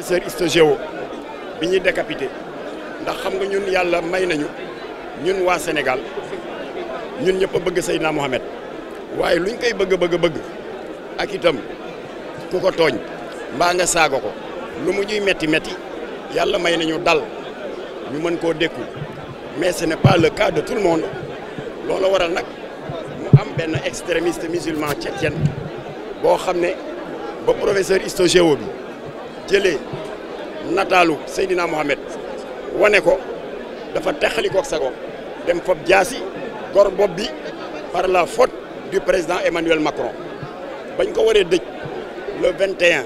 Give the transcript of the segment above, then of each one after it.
professeur Istogeo bi ñuy décapité ndax xam nga ñun yàlla may nañu ñun waa Sénégal ñun ñëpp a bëgg Seydina Mohamed waaye luñ koy bëgg bëgg bëgg ak itam ku ko tooñ mbaa nga saago ko lu mu ñuy metti metti yàlla may nañu dal ñu mën koo dékku mais ce n'est pas le cas de tout waral nag mu am benn extrémiste musulman tchétchène boo xam ne ba professeur Istogeo bi jële nataalu Seydina Mohamed wane ko dafa teqali koog sago dem fab jaasi gor bopp bi par la faute di président Emmanuel Macron bañ ko waree dëj le 21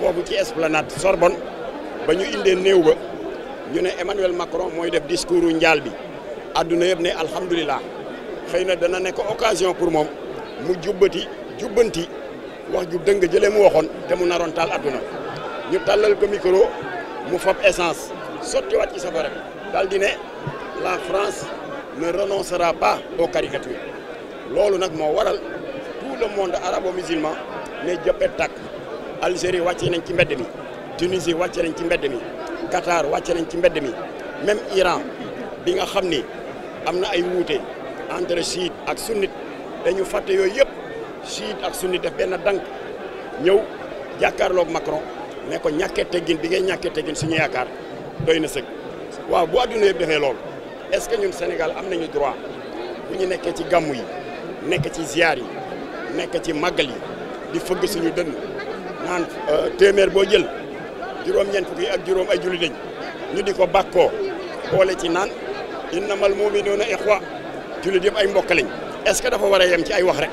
foofu ci esplanade Sorbonne bañu indee néew ba ñu ne Emmanuel Macron mooy def discours njaal bi àdduna yëpp ne alhamdulillah xëy na dana nekk occasion pour moom mu jubbati jubbanti wax ju dëng jëlee mu waxoon te mu naroon taal àdduna. ñu tàllal ko micro mu fab essence sottiwaat ci safara bi daal di ne la France ne renoncera pas aux loolu nag moo waral tout le monde arabo-musulman ne jëppee tàkk Algérie wàcce nañ ci mbedd mi Tunisie wàcce nañ ci mbedd mi Qatar wàcce nañ ci mbedd mi même Iran bi nga xam ni am na ay wuute entre chiite ak sunnite dañu fàtte yooyu yëpp chiite ak sunnite def benn dank ñëw jàkkaarloog Macron. ne ko ñàkkee teggin bi ngay ñàkkee teggin suñu yaakaar doy na sëg waaw bu àdduna yëpp defee loolu ce que ñun senegal am nañu droit bu ñu nekkee ci gàmmu yi nekk ci ziar yi nekk ci màggal yi di fëgg suñu dënn naan euh, téeméer boo jël juróom-ñeent fukki ak juróom ay julli dañ ñu di ko bàkkoo boole ci naan innamal mu'minuuna ixwa jullit yëpp ay mbokk lañ est-ce que dafa war a yem ci ay wax rek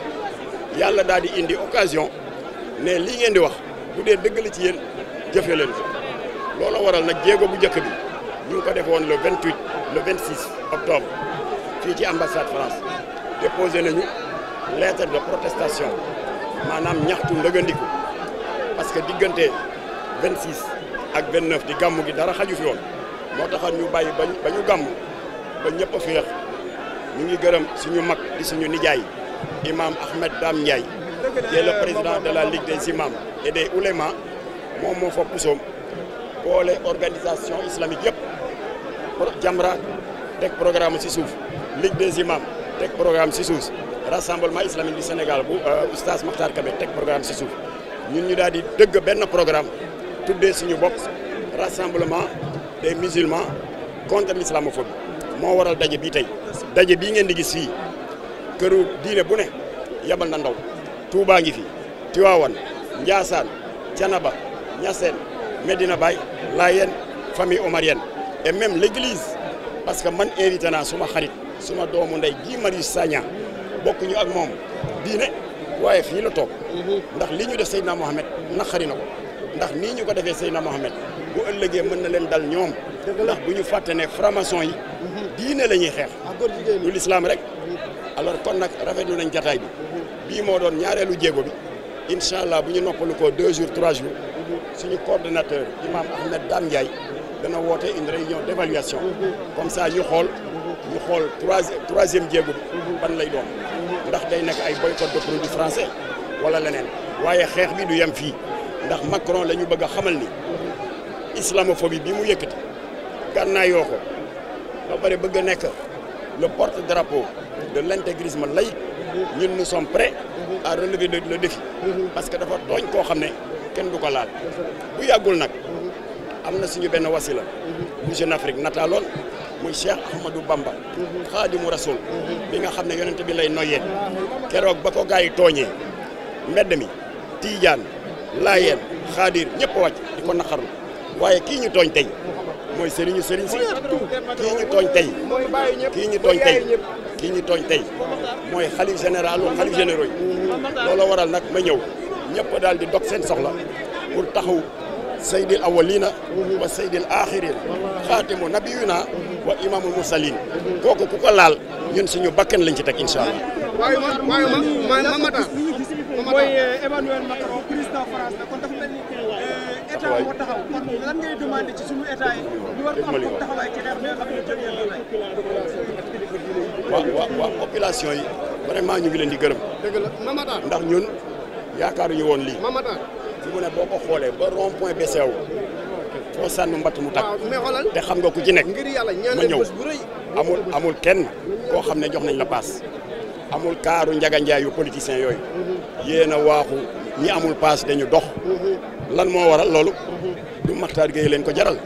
yàlla daal di indi occasion ne lii ngeen di wax bu dee dëgg ci yéen jëfe leen ko loola waral nag jéego bu njëkk bi ñu ngi ko defoon le 28 le 26 octobre fii ci ambassade France déposé nañu lettre de protestation maanaam ñaxtu ndëgëndiku parce que diggante 26 ak 29 di gàmm gi dara xaju fi woon moo taxoon ñu bàyyi ba ñu gàmm ba ñëpp a féex ñu ngi gërëm suñu mag di suñu nijaay imam Ahmed Dame Ndiaye qui est le président de la Ligue des imams et des oulémas moom moo fa pusoom boole organisation islamique yëpp jambara teg programme ci suuf Ligue des imams teg programme ci suuf rassemblement islamique du Sénégal bu euh, oustaz Makhtar Kame teg programme ci suuf ñun ñu daal di dëgg benn programme tuddee suñu bopp rassemblement des musulmans contre l'islamophobie moo waral daje bi tey daje bii ngeen di gis fii këru diine bu ne yabal na ndaw baa ngi fi Tiwaawan Njaasaan Canaba Niassène Medina Baye Layène famille omarienne et même l'église parce que man invité suma xarit suma doomu ndey Guy Marius Sagna bokkuñu ak moom diine waaye fii la toog ndax li ñu def Seydina Mohamed naqari na ko ndax nii ñu ko defee Seydina Mohamed bu ëllëgee mën na leen dal ñoom ndax bu ñu fàtte ne franc-maçon yi diine la ñuy xeex du l'islam rek alors kon nag rafetlu nañ jataay bi bii moo doon ñaareelu jéego bi incha allah bu ñu noppalu ko deux jour trois jours suñu coordonnateur imam Ahmed Dame Ndiaye dana woote une réunion d'évaluation comme ça ñu xool ñu xool troisième troisième jéego lay doon ndax day nekk ay boycott de produits français wala leneen waaye xeex bi du yem fii ndax Macron la ñu bëgg a xamal ni islamophobie bi mu yëkkati gànnaayoo ko ba pare bëgg nekk le porte drapeau de l'intégrisme laïque ñun nous sommes prêts à relever la défi parce que dafa tooñ koo xam ne kenn du ko laal bu yàggul nag am na suñu benn wasila bu mhm. Jeune nataaloon muy Cheikh Ahmadou Bamba xaadimu mhm. rasul mhm. bi nga xam ne yonent bi lay noyyee keroog ba ko gars yi tooñee mbedd mi tiijaan laayeen xaadir ñëpp wàcc di ko naqarlu waaye kii ñu tooñ tey mooy sëriñu sëriñ si kii ñu tooñ tey kii ñu tey kii ñu tey mooy xalif général xalif généraux yi loolu waral nag ma ñëw ñëpp daal di dog seen soxla pour taxaw saydil awalina wa saydil axirin xaatimu nabiyuna wa imamul mursalin kooku ku ko laal ñun suñu bakken lañ ci teg incha allah. waaye man waaye euh, yi ñu war ñu ngi leen di gërëm. ndax ñun. yaakaar ñu woon lii fi mu ne boo ko xoolee ba rond point BCEAO foo sànni mbatt mu tàkk te xam nga ku ci nekk ma ñëw amul amul kenn koo xam ne jox nañ la paas amul kaaru njaga njaay yu politiciens yooyu mhm. yéen a waaxu ñi amul paas dañu dox mhm. lan moo waral loolu mhm. du Makhtar Gueye leen ko jaral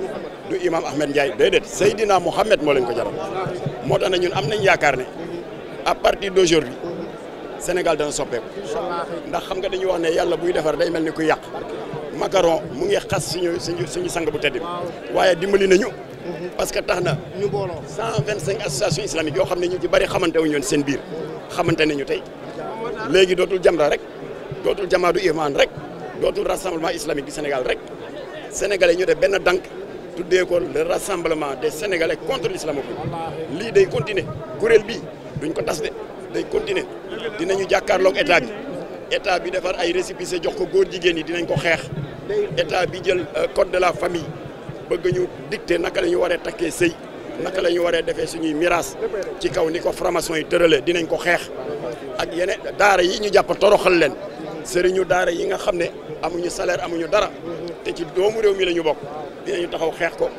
du imam Ahmed Ndiaye déedéet Seydina Mohamed moo leen ko jaral ah. moo tax na ñun am nañ yaakaar ne à partir d'aujourd'hui Sénégal dana soppeeku ndax xam nga dañuy wax ne yàlla buy defar day mel ni kuy yàq makaron mu ngi xas suñu suñu suñu sang bu tedd bi waaye dimbali nañu parce que tax na ñu booloo cent vingt cinq associations islamiques yoo xam ne ñu ci bari xamante wuñu woon seen biir xamante ñu tey léegi dootul jamra rek dootul jamaadu iman rek dootul rassemblement islamique du Sénégal rek sénégalais ñu def benn dank tuddee ko le rassemblement des sénégalais contre l'islamophobie lii day continuer kuréel bii duñ ko tas day dina ñu jàkkaarloog état bi état bi defar ay récépissé jox ko góor jigéen yi dinañ ko xeex état bi jël euh, code de la famille bëgg ñu dicter naka la ñu waree takkee sëy naka la ñu waree defee suñuy miraas ci kaw ni ko formation yi tëralee dinañ ko xeex ak yeneen daara yi ñu jàpp toroxal leen sëriñu daara yi nga xam ne amuñu salaire amuñu dara te ci doomu réew mi la ñu bokk dinañu taxaw xeex ko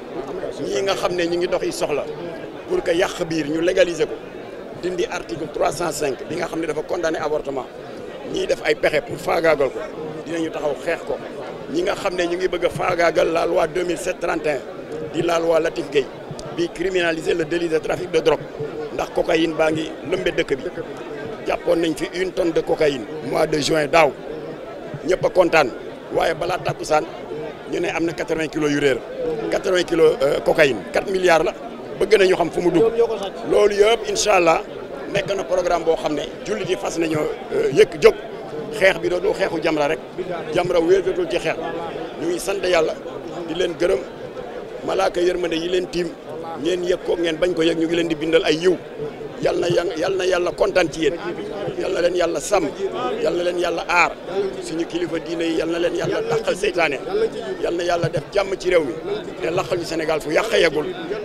ñii nga xam ne ñu ngi dox yi soxla pour que yàq biir ñu légaliser ko. dindi article 305 bi nga xam ne dafa condamné avortement ñiy def ay pexe pour faagaagal ko ñu taxaw xeex ko ñi nga xam ne ñu ngi bëgg a faagaagal la loi 2007 31 di la loi Latif Guèye bi criminaliser le délit de trafic de drogue ndax cocaïne baa ngi lëmbe dëkk bi jàppoon nañ fi une tonne de cocaïne mois de juin daaw ñëpp a kontaan waaye balaa tàkkusaan ñu ne am na 80 kilos yu réer 80 kilo euh, cocaïne 4 milliards la bëgg nañu xam fu mu dugg loolu yëpp incha allah nekk na programme boo xam ne jullit yi fas nañoo euh, yëkk jóg xeex bi dootul xeexu jamra rek jamra wéetatul ci xeex ñu ngi sant yàlla di leen gërëm malaaka yërmande yi leen tiim ngeen yëg ko ngeen bañ ko yëg ñu ngi leen di bindal ay yiw yal na yal na yàlla kontaan ci yéen yal na leen yàlla sàmm yal na leen yàlla aar suñu kilifa diine yi yal na leen yàlla dàqal seytaane yal na yàlla def jàmm ci réew mi te laqal Sénégal fu yàq